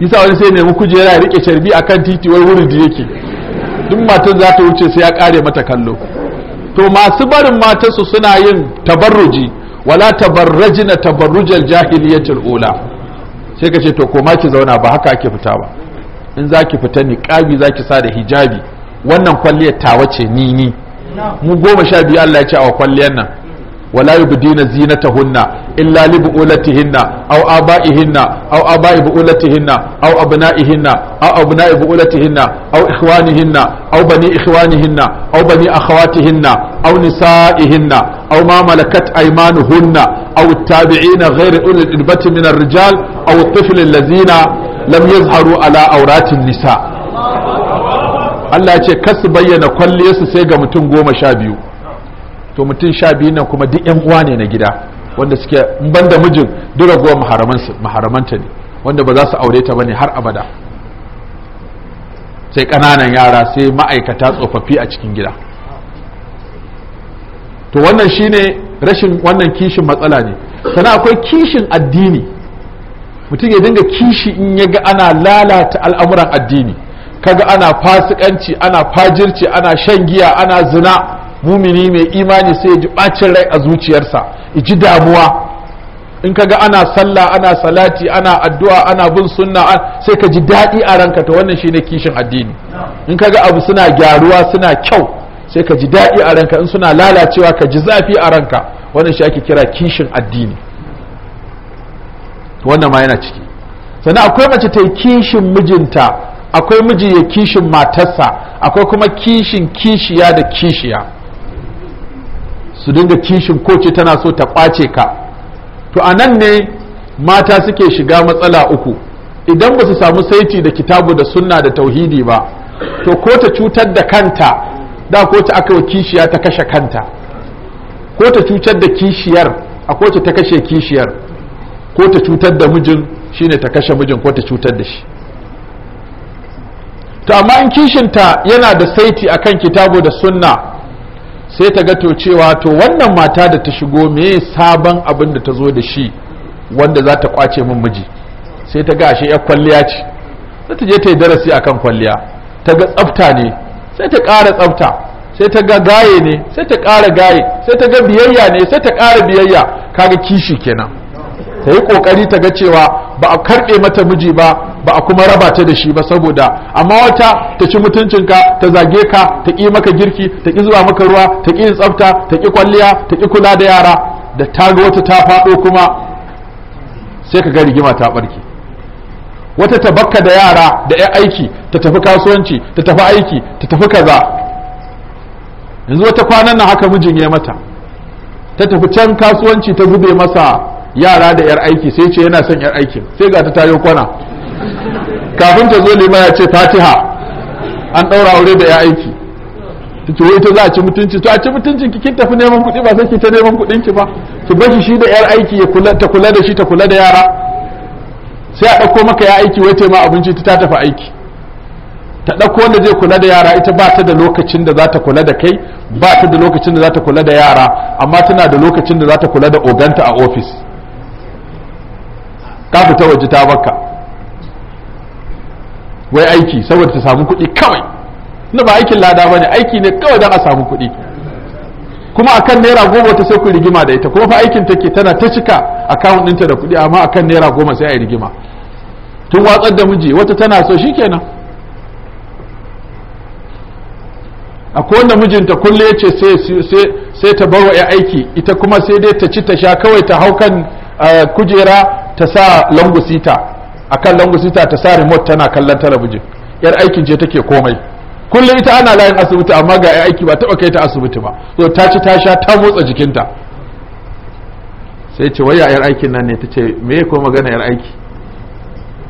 Speaker 1: Yasa wani sai nemi kujera ya rike carbi akan titi wai wuri da yake duk matan za ta wuce sai ya kare mata kallo to masu barin su suna yin tabarruji wala tabarrajina tabarrujal jahiliyatul ula sai ka ce to koma ki zauna ba haka ake fita ba in zaki fita ni za zaki sa da hijabi wannan kwalliyar tawace ni ni
Speaker 2: mu goma sha biyu
Speaker 1: Allah ya ce a kwalliyar nan wala yubdina zinatahunna illa li bu'ulatihinna aw aba'ihinna aw aba'i bu'ulatihinna aw abna'ihinna aw abna'i bu'ulatihinna aw ikhwanihinna aw bani ikhwanihinna aw bani akhawatihinna aw nisa'ihinna aw ma malakat aymanuhunna aw at-tabi'ina ghayr ulil irbati min ar-rijal aw at-tifl alladhina lam yazharu ala awratin nisa' Allah ya ce kasu bayyana kwalliyarsu sai ga mutum goma sha biyu to mutum sha biyu nan kuma duk uwa ne na gida wanda suke ban da mijin dura goma maharamanta ne wanda ba za su aure ta bane har abada sai ƙananan yara sai ma'aikata tsofaffi a cikin gida to wannan shine rashin wannan kishin matsala ne sannan akwai kishin addini mutum ya dinga kishi in ya ga ana lalata al'amuran addini kaga ana fasikanci ana fajirci ana shan giya ana zina mumini mai imani sai ya ji bacin rai a zuciyarsa ya ji damuwa in kaga ana sallah ana salati ana addu'a ana bin sunna sai ka ji daɗi a ranka ta wannan shine kishin addini in kaga abu suna gyaruwa suna kyau sai ka ji daɗi a ranka in suna lalacewa ka ji zafi a ranka wannan shi ake kira kishin addini wannan ma yana ciki sannan akwai mace ta yi kishin mijinta akwai miji ya kishin matarsa akwai kuma kishin kishiya da kishiya su dinga kishin ko ce tana so ta kwace ka to a nan ne mata suke shiga matsala uku idan ba su samu saiti da kitabu da sunna da tauhidi ba to ko ta cutar da kanta da ko ta aka kishiya ta kashe kanta ko ta cutar da kishiyar a ko ta kashe kishiyar ko ta cutar da mijin shine ta kashe mijin ko ta cutar da shi to amma in kishinta yana da saiti akan kitabu da sunna sai ta ga to cewa to wannan mata da ta shigo me sabon abin da ta zo da shi wanda za ta kwace min miji sai ta ga shi ya kwalliya ce sai ta je ta yi darasi akan kwalliya ta ga tsafta ne sai ta ƙara tsafta sai ta ga gaye ne sai ta ƙara gaye sai ta ga biyayya ne sai ta ƙara biyayya kaga kishi kenan ta yi ƙoƙari ta ga cewa ba a karɓe mata miji ba ba a kuma raba ta da shi ba saboda amma wata ta ci mutuncinka ta zage ka ta ƙi maka girki ta ƙi zuba maka ruwa ta ƙi tsafta ta ki kwalliya ta ƙi kula da yara da ta ga wata ta faɗo kuma sai ka ga rigima ta ɓarke wata ta bakka da yara da ya aiki ta tafi kasuwanci ta tafi aiki ta tafi kaza yanzu wata kwanan nan haka mijin ya mata ta tafi can kasuwanci ta zube masa yara da yar aiki sai ce yana son yar aikin sai ga ta tayo kwana kafin ta zo lima ya ce fatiha an ɗaura aure da ya aiki ta ce ita za a ci mutunci to a ci mutuncin ki kin tafi neman kuɗi ba sai ki ta neman kuɗin ki ba ki bashi shi da yar aiki ya kula ta kula da shi ta kula da yara sai a ɗauko maka ya aiki wai ma abinci ta tafi aiki ta ɗauko wanda zai kula da yara ita ba ta da lokacin da za ta kula da kai ba ta da lokacin da za ta kula da yara amma tana da lokacin da za ta kula da oganta a ofis ka fita waje ta baka wai aiki saboda ta samu kuɗi kawai na ba aikin lada ba ne aiki ne kawai don a samu kuɗi kuma akan naira goma ta sai ku rigima da ita kuma fa aikin take tana ta cika akawun ɗinta da kuɗi amma akan naira goma sai a rigima tun watsar da miji wata tana so shikenan akwai wanda mijinta kulle ya ce sai ta bar ya aiki ita kuma sai dai ta ci ta sha kawai ta hau kan eh, kujera ta sa langusita a kan langusita ta sa remote tana kallon talabijin yar aikin ce take komai kullum ita ana layin asibiti amma ga ai aiki ba taba kai ta asibiti ba so ta ci ta sha ta motsa jikinta sai ce waya yar aikin nan ne ta ce me ko magana yar aiki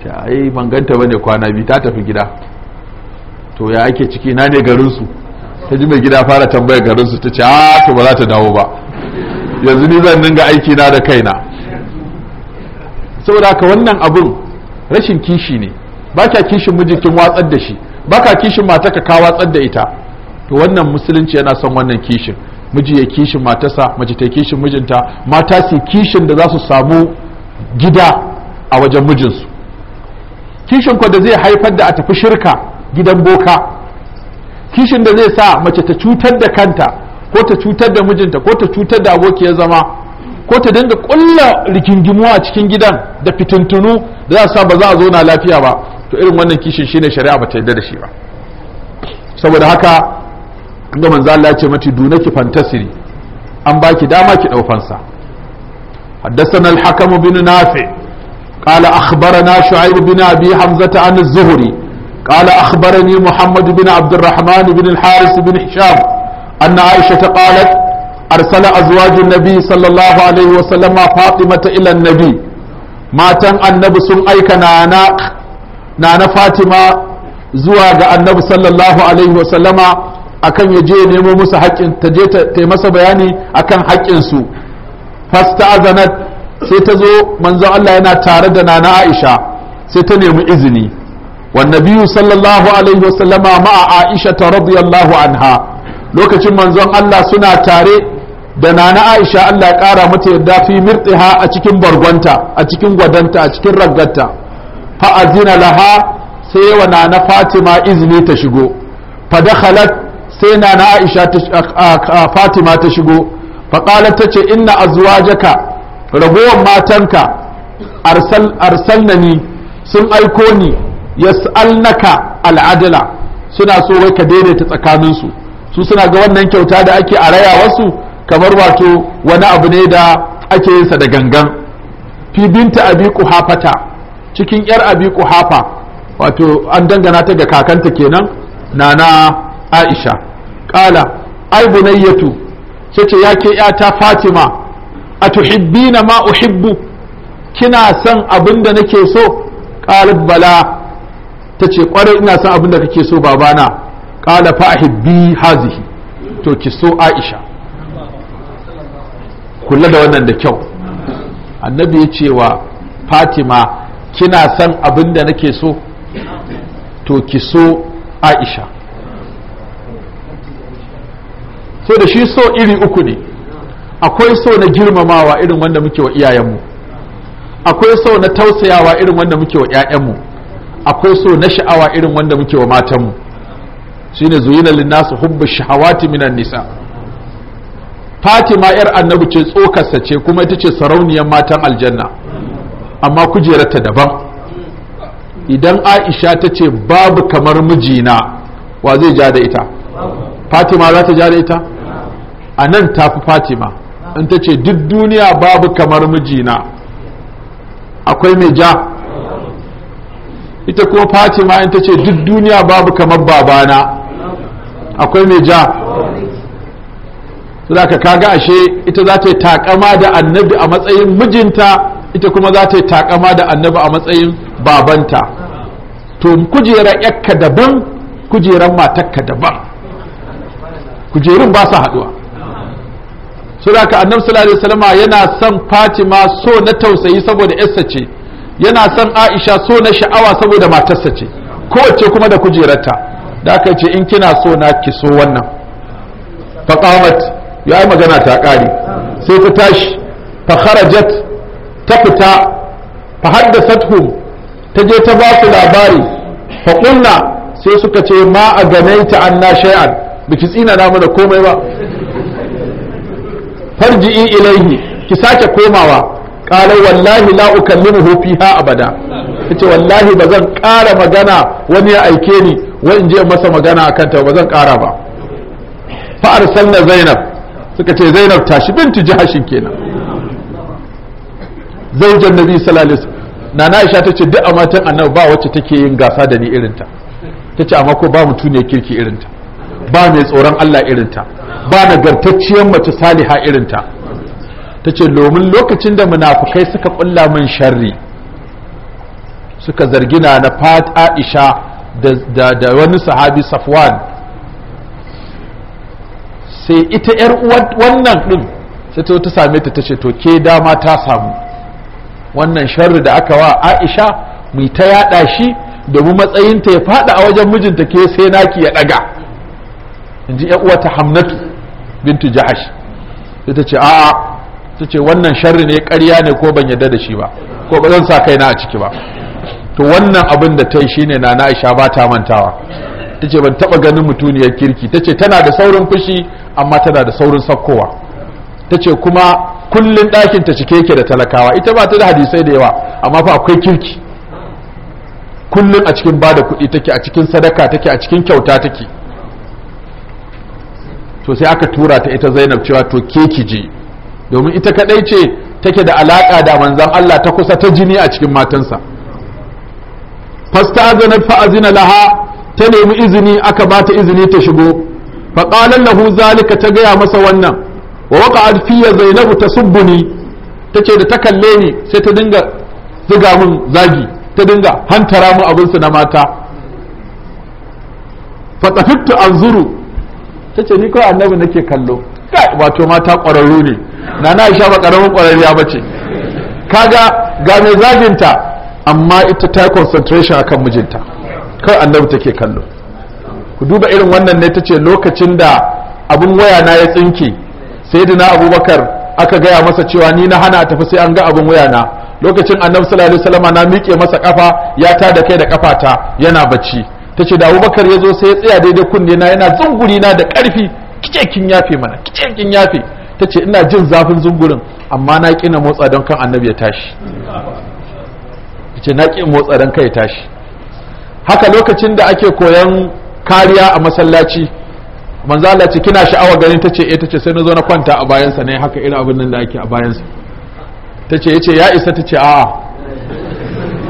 Speaker 1: ta ai ban ganta bane kwana biyu ta tafi gida to ya ake ciki na ne garin su ta ji mai gida fara tambayar garin su ta ce a ah, to ba za ta dawo ba yanzu ni zan dinga aiki na da kaina saboda haka wannan abun rashin kishi ne ba kya kishin mijinkin watsar da shi ba ka kishin mata ka watsar da ita to wannan musulunci yana son wannan kishin miji ya kishin matasa, mace ta kishin mijinta mata su kishin da za su samu gida a wajen mijinsu kishin kwa da zai haifar da a tafi shirka gidan boka kishin da zai sa mace ta cutar da kanta ko ta cutar da mijinta ko ta cutar da abokiyar zama ko ta dinga kulla rikingimu a cikin gidan da fitintunu da za sa ba za a zo na lafiya ba to irin wannan kishin shine shari'a ba ta yadda da shi ba saboda haka ga manzo Allah ya ce mata dunaki fantasiri an baki dama ki dau fansa حدثنا الحكم بن نافع قال أخبرنا شعيب بن أبي حمزة عن الزهري قال أخبرني محمد بن عبد الرحمن بن الحارث بن هشام أن عائشة قالت أرسل أزواج النبي صلى الله عليه وسلم فاطمة إلى النبي ما تن النبي سن أيك نانا نانا فاطمة زواج النبي صلى الله عليه وسلم akan ya je nemo musu haƙƙin ta je ta masa bayani akan haƙƙinsu fasta'azanat sai ta zo manzo Allah yana tare da nana Aisha sai ta nemi izini والنبي صلى الله عليه وسلم مع عائشة رضي الله عنها lokacin manzon Allah suna tare da nana aisha Allah ya kara mata yadda fi mirtiha a cikin bargonta a cikin gwadanta a cikin raggarta fa azina laha sai wa nana fatima izini ta shigo fa dakhalat sai nana aisha fatima ta shigo fa qalat tace inna azwajaka ragowan matanka arsal arsalnani sun aiko ni yas'alnaka al'adala suna so wai ka daidaita tsakaninsu su suna ga wannan kyauta da ake a raya wasu kamar wato wani abu ne da ake yinsa da gangan fi binta abi kuhafata cikin yar abi kuhafa wato an dangana ta ga kakanta kenan nana aisha kala ai bunayyatu sai ce ya ke yata fatima a tuhibbina ma uhibbu kina son abin da nake so qalat bala tace ce kwarai ina son abin da kake so babana qala fa ahibbi hazihi to ki so aisha kula da wannan da kyau annabi ya ce wa fatima kina san abin da nake so to ki so aisha so da shi so iri uku ne akwai so na girmamawa irin wanda muke wa iyayenmu akwai so na tausayawa irin wanda muke wa 'ya'yanmu akwai so na sha'awa irin wanda muke wa matanmu shine zuyina linnasu hubbu shahawati minan nisa' fatima yar annabi ce tsokarsa ce kuma ita ce sarauniyar matan aljanna amma kujerarta daban idan aisha ta ce babu kamar mijina wa zai ja da ita fatima za ta ja da ita a nan ta fi fatima in ta ce duk duniya babu kamar mijina akwai mai ja ita kuma fatima in ta ce duk duniya babu kamar babana akwai mai ja zaka kaga ashe ita za ta yi takama da annabi a matsayin mijinta ita kuma za ta yi takama da annabi a matsayin babanta to kujerar yakka daban kujerar matakka daban kujerun ba sa haduwa saboda annabi sallallahu alaihi wasallama yana son Fatima so na tausayi saboda yarsa ce yana son Aisha so na sha'awa saboda matarsa ce kowace kuma da kujerarta da aka ce in kina so na ki so wannan faqamat ya yi magana ta ƙari. sai ta tashi fa kharajat ta fita fa haddathatuhum ta je ta ba su labari fa kunna. sai suka ce ma a ganaita anna shay'an biki tsina na mana komai ba farji'i ilaihi ki sake komawa qala wallahi la ukallimuhu fiha abada kace wallahi bazan zan ƙara magana wani ya aike ni wani je masa magana akan ta ba zan ƙara ba fa arsalna zainab suka ce zainab tashi bintu jahashin kenan zaujan nabi sallallahu alaihi wasallam nana aisha ta ce duk a matan annabi ba wacce take yin gasa da ni irinta ta ce amma ko ba mutu ne kirki irinta ba mai tsoron Allah irinta ba nagartacciyar mace saliha irinta ta ce domin lokacin da munafukai suka kulla min sharri suka zargina na fat aisha da wani sahabi safwan sai ita yar wannan din sai ta ta same ta tace to ke dama ta samu wannan sharri da aka wa Aisha mu ta yada shi domin ta ya fada a wajen mijinta ke sai naki ya daga inji yar uwa ta Hamnatu bintu Jahash sai ta ce a'a ta ce wannan sharri ne ƙarya ne ko ban yarda da shi ba ko ba zan sa kaina a ciki ba to wannan abin da ta yi shine na na Aisha ba ta mantawa ta ce ban taɓa ganin mutuniyar kirki ta ce tana da saurin fushi amma tana da saurin sakkowa ta ce kuma kullum ɗakinta cike yake da talakawa ita ba ta da hadisai da yawa amma fa akwai kirki Kullum a cikin bada kuɗi take a cikin sadaka take a cikin kyauta take to sai aka tura ta ita zainab cewa to ke ki je domin ita kadai ce take da alaƙa da manzan Allah ta kusa ta jini a cikin matansa fasta azanat fa azina laha ta nemi izini aka bata izini ta shigo fa qala lahu zalika ta gaya masa wannan wa waqa'at fiyya zainabu tasubbuni tace da ta kalle ni sai ta dinga zuga mun zagi ta dinga hantara mu abun su na mata fa tafittu anzuru tace ni kawai annabi nake kallo kai wato mata ƙwararru ne nana Aisha ba ƙaramin ƙwararriya bace kaga ga mai zaginta amma ita ta concentration akan mijinta kawai annabi take kallo ku duba irin wannan ne ta ce lokacin da abin waya na ya tsinke sai dina abubakar aka gaya masa cewa ni na hana tafi sai an ga abin waya na lokacin annabi sallallahu alaihi wasallam na miƙe masa kafa ya ta da kai da kafata yana bacci ta ce da abubakar ya zo sai ya tsaya daidai kunne na yana zunguri na da karfi kike kin yafe mana kike kin yafe ta ce ina jin zafin zungurin amma na kina motsa don kan annabi ya tashi ta ce na ƙi motsa don kai ya tashi haka lokacin da ake koyan kariya a masallaci manzo Allah ce kina sha'awa ganin tace eh tace sai na zo na kwanta a bayansa ne haka irin abin nan da ake a bayansa tace yace ya isa tace a'a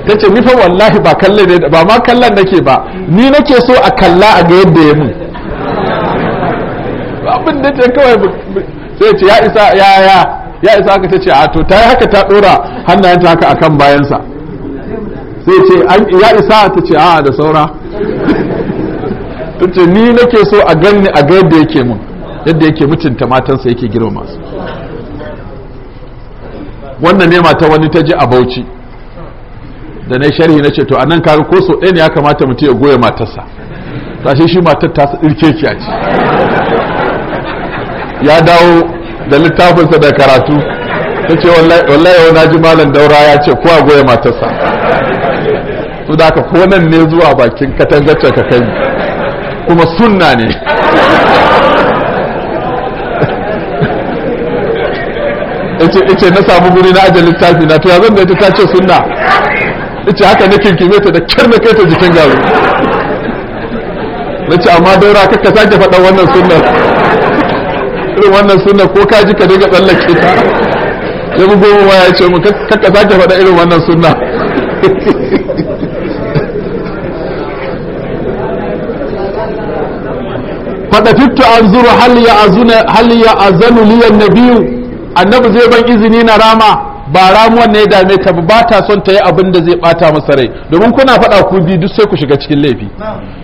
Speaker 1: tace ni fa wallahi ba kalle ne ba ma kallon nake ba ni nake so a kalla a ga yadda ya mun abin da ta kawai sai ce ya isa ya ya ya isa haka tace a to yi haka ta dora hannayenta haka akan bayansa sai ce ya isa ta ce a'a da saura tace ni nake so a ganni a ga yadda yake mun yadda yake mutunta matansa yake girma masu wannan ne mata wani ta ji a Bauchi da na sharhi na ce to anan kaga ko so ɗaya ne ya kamata mutum ya goya matarsa ta shi matar ta a ce ya dawo da littafinsa da karatu ta ce wallahi ji malam daura ya ce ko a goya matarsa su da aka nan ne zuwa bakin katangar ka kai kuma sunna ne ice na samu guri na ajiyar littafi na tuya zan da ita ta ce sunna ice haka na kinkime ta da kyar na kai ta jikin garu na ce amma daura kakka sake faɗa wannan sunnar irin wannan sunna ko ka ji ka dinga tsallake ta ya bugo waya ya ce mu kakka sake faɗa irin wannan sunna faɗafittu an zuru hali ya azanu liyan na biyu annabi zai ban izini na rama ba ramuwan ne dame ta ba ta son ta yi abin da zai bata masa rai domin kuna faɗa ku bi duk sai ku shiga cikin laifi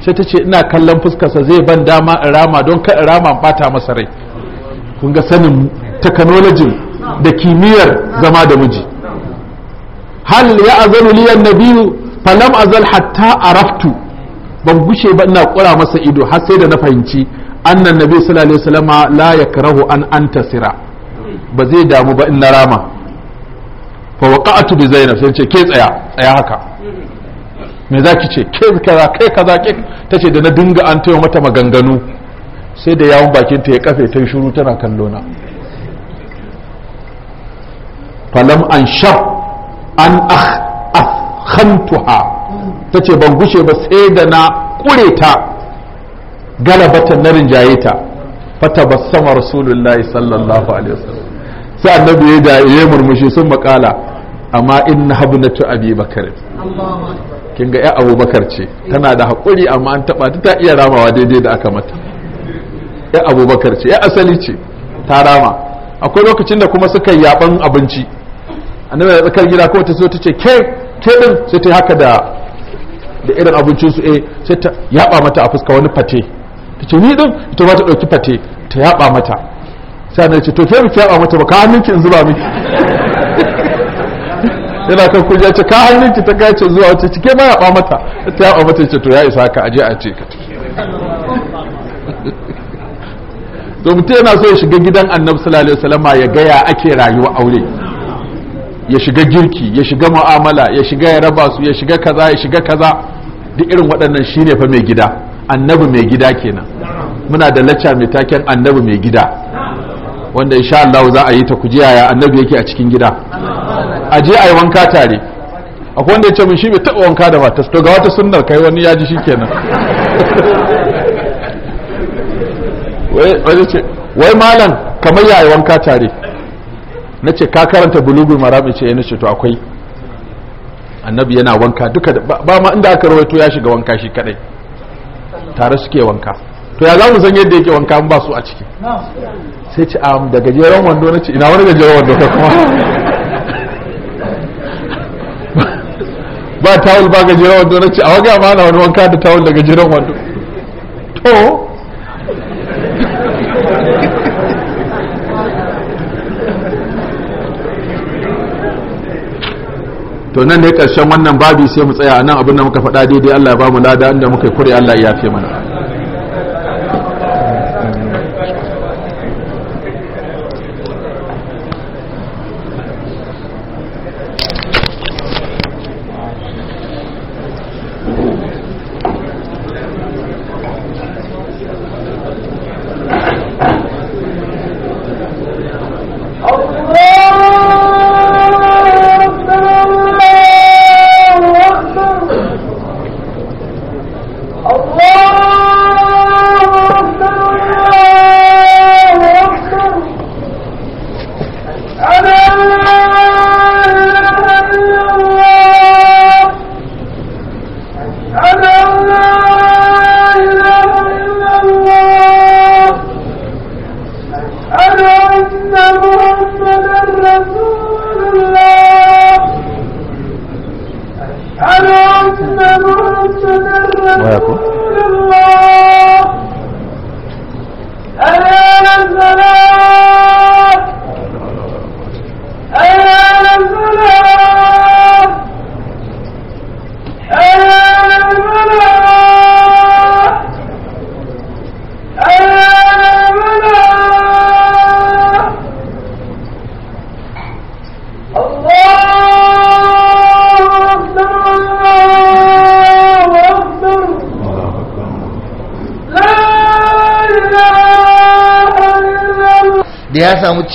Speaker 1: sai ta ce ina kallon fuskarsa zai ban dama in rama don ka in rama bata masa rai kun ga sanin technology
Speaker 2: da kimiyyar zama da miji
Speaker 1: hal ya azanu liyan na biyu falam azal hatta araftu ban gushe ba ina kura masa ido har sai da na fahimci annan nabi sallallahu alaihi wasallama la yakrahu an antasira ba zai damu ba in na rama fa waqa'tu bi zainab sai ce ke tsaya tsaya haka me zaki ce ke kaza kai kaza ke tace da na dinga an tayo mata maganganu sai da yawun bakin ta ya kafe ta shiru tana kallo na falam an shab an akhantuha ta ce ban gushe ba sai da na kure ta galabatan na rinjaye ta fata sama rasulullahi sallallahu alaihi wasallam sai annabi ya da murmushi sun makala amma in na abi bakar kin ga ya abubakar ce tana da haƙuri amma an taɓa ta iya ramawa daidai da aka mata ya bakar ce ya asali ce ta rama akwai lokacin da kuma suka yaban abinci annabi da tsakar gida ko ta so ta ce ke ke din sai ta haka da da irin abincinsu eh sai ta yaba mata a fuska wani fate ta ce ni din ita ba ta ɗauki fate ta yaba mata sai na ce to ke ki yaba mata ba ka hannunki in zuba miki yana kan kuja ce ka hannunki ta ce zuwa wace cike ma yaba mata ta yaba mata ce to ya isa ka aje a ce ka to mutum yana so ya shiga gidan annabi sallallahu alaihi wasallam ya gaya ake rayuwa aure ya shiga girki ya shiga mu'amala ya shiga ya raba su ya shiga kaza ya shiga kaza duk irin waɗannan shi ne fa mai gida annabi mai gida kenan muna da lacca mai taken annabi mai gida wanda insha Allah za a yi ta kujiya ya annabi yake a cikin gida
Speaker 2: a je a yi wanka tare
Speaker 1: akwai wanda ya ce mun shi bai taɓa wanka da matas to ga wata sunnar kai wani ya ji shi kenan wai malam kamar ya yi wanka tare na ce ka karanta bulugu marami ce ya eh, nace to akwai annabi yana wanka duka da ba ma inda aka rawaito ya shiga wanka shi kadai tare suke wanka to ya za mu san yadda yake wanka ba su a ciki sai ci am da gajeren wando na ci ina wani gajeren wando ka kuma ba tawul ba gajeren wando na ci a waga ma na wani wanka da tawul da gajeren wando to to nan ne karshen wannan babi sai mu tsaya nan abin da muka faɗa daidai Allah ya ba mu lada inda muka yi kure Allah ya fi mana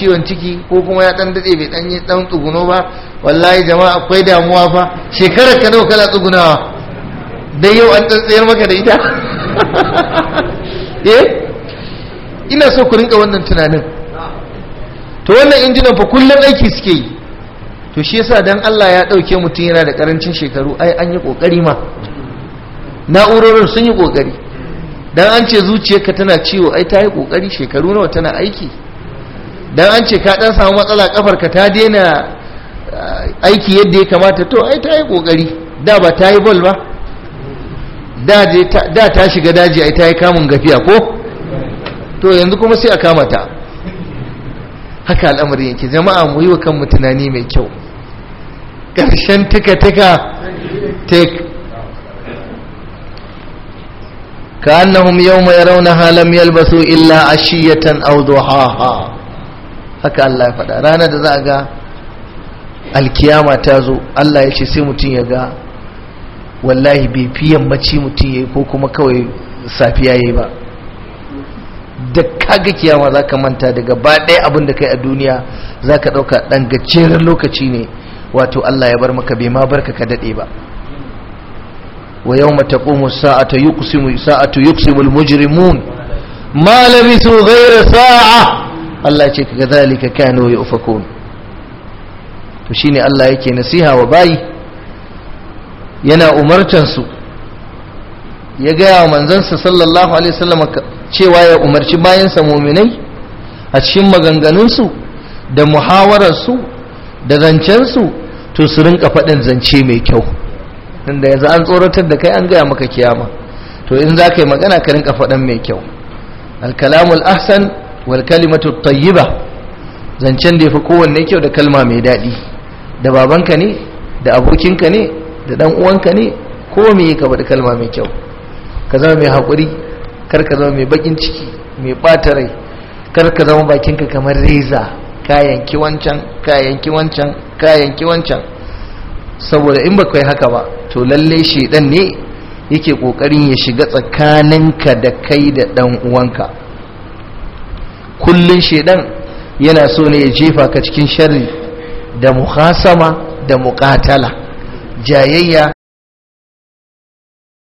Speaker 3: ciwon ciki ko kuma ya dan dade bai dan yi dan tsuguno ba wallahi jama'a akwai damuwa fa shekarar ka nawa kana tsugunawa dai yau an tsayar maka da ita eh ina so ku rinka wannan tunanin to wannan injinan fa kullum aiki suke yi to shi yasa dan Allah ya dauke mutum yana da karancin shekaru ai an yi kokari ma na'urorin sun yi kokari dan an ce zuciyarka tana ciwo ai ta yi kokari shekaru nawa tana aiki dan an ce ka dan samu matsala kafar ka ta daina uh, aiki yadda ya kamata to ai ta yi kokari da ba ta yi bol ba da ta shiga daji ai ta yi kamun gafiya ko to yanzu kuma sai a kama ta haka al'amari yake jama'a mu yi wa kanmu tunani mai kyau ƙarshen tuka-tuka take كأنهم يوم يرونها halam yalbasu illa عشية أو ضحاها haka Allah ya faɗa ranar da za a ga alkiyama ta zo Allah ya ce sai mutum ya ga wallahi bai fi yammaci mutum ya yi ko kuma kawai safiya ya yi ba da kaga kiyama za ka manta da gaba ɗaya abin da kai a duniya za ka ɗauka ɗan gajeren lokaci ne wato Allah ya bar maka bai ma barka ka daɗe ba wa yau mata ƙomo sa'ata yi sa'atu yuqsimul mujrimun ma labisu sa'a Allah ce ka zalika kano ya ufakun to shine Allah yake nasiha wa bayi yana umartansu ya gaya wa manzansa sallallahu alaihi wasallam cewa ya umarci bayansa muminai a cikin maganganunsu da muhawararsu da zancensu to su rinka faɗin zance mai kyau inda yanzu an tsoratar da kai an gaya maka kiyama to in za ka yi magana ka rinka faɗin mai kyau alkalamul ahsan wal kalimatu tayyiba zancen da yafi kowanne kyau da kalma mai daɗi da babanka ne da abokinka ne da dan uwanka ne ko me ka da kalma mai kyau ka zama mai hakuri kar ka zama mai bakin ciki mai ɓata rai kar ka zama bakinka kamar reza kayan kiwancan kayan kiwancan kayan kiwancan saboda in ba kai haka ba to lalle shedan ne yake kokarin ya shiga tsakaninka da kai da dan uwanka kullun shedan yana so ne ya jefa ka cikin sharri da muhasama da muqatala jayayya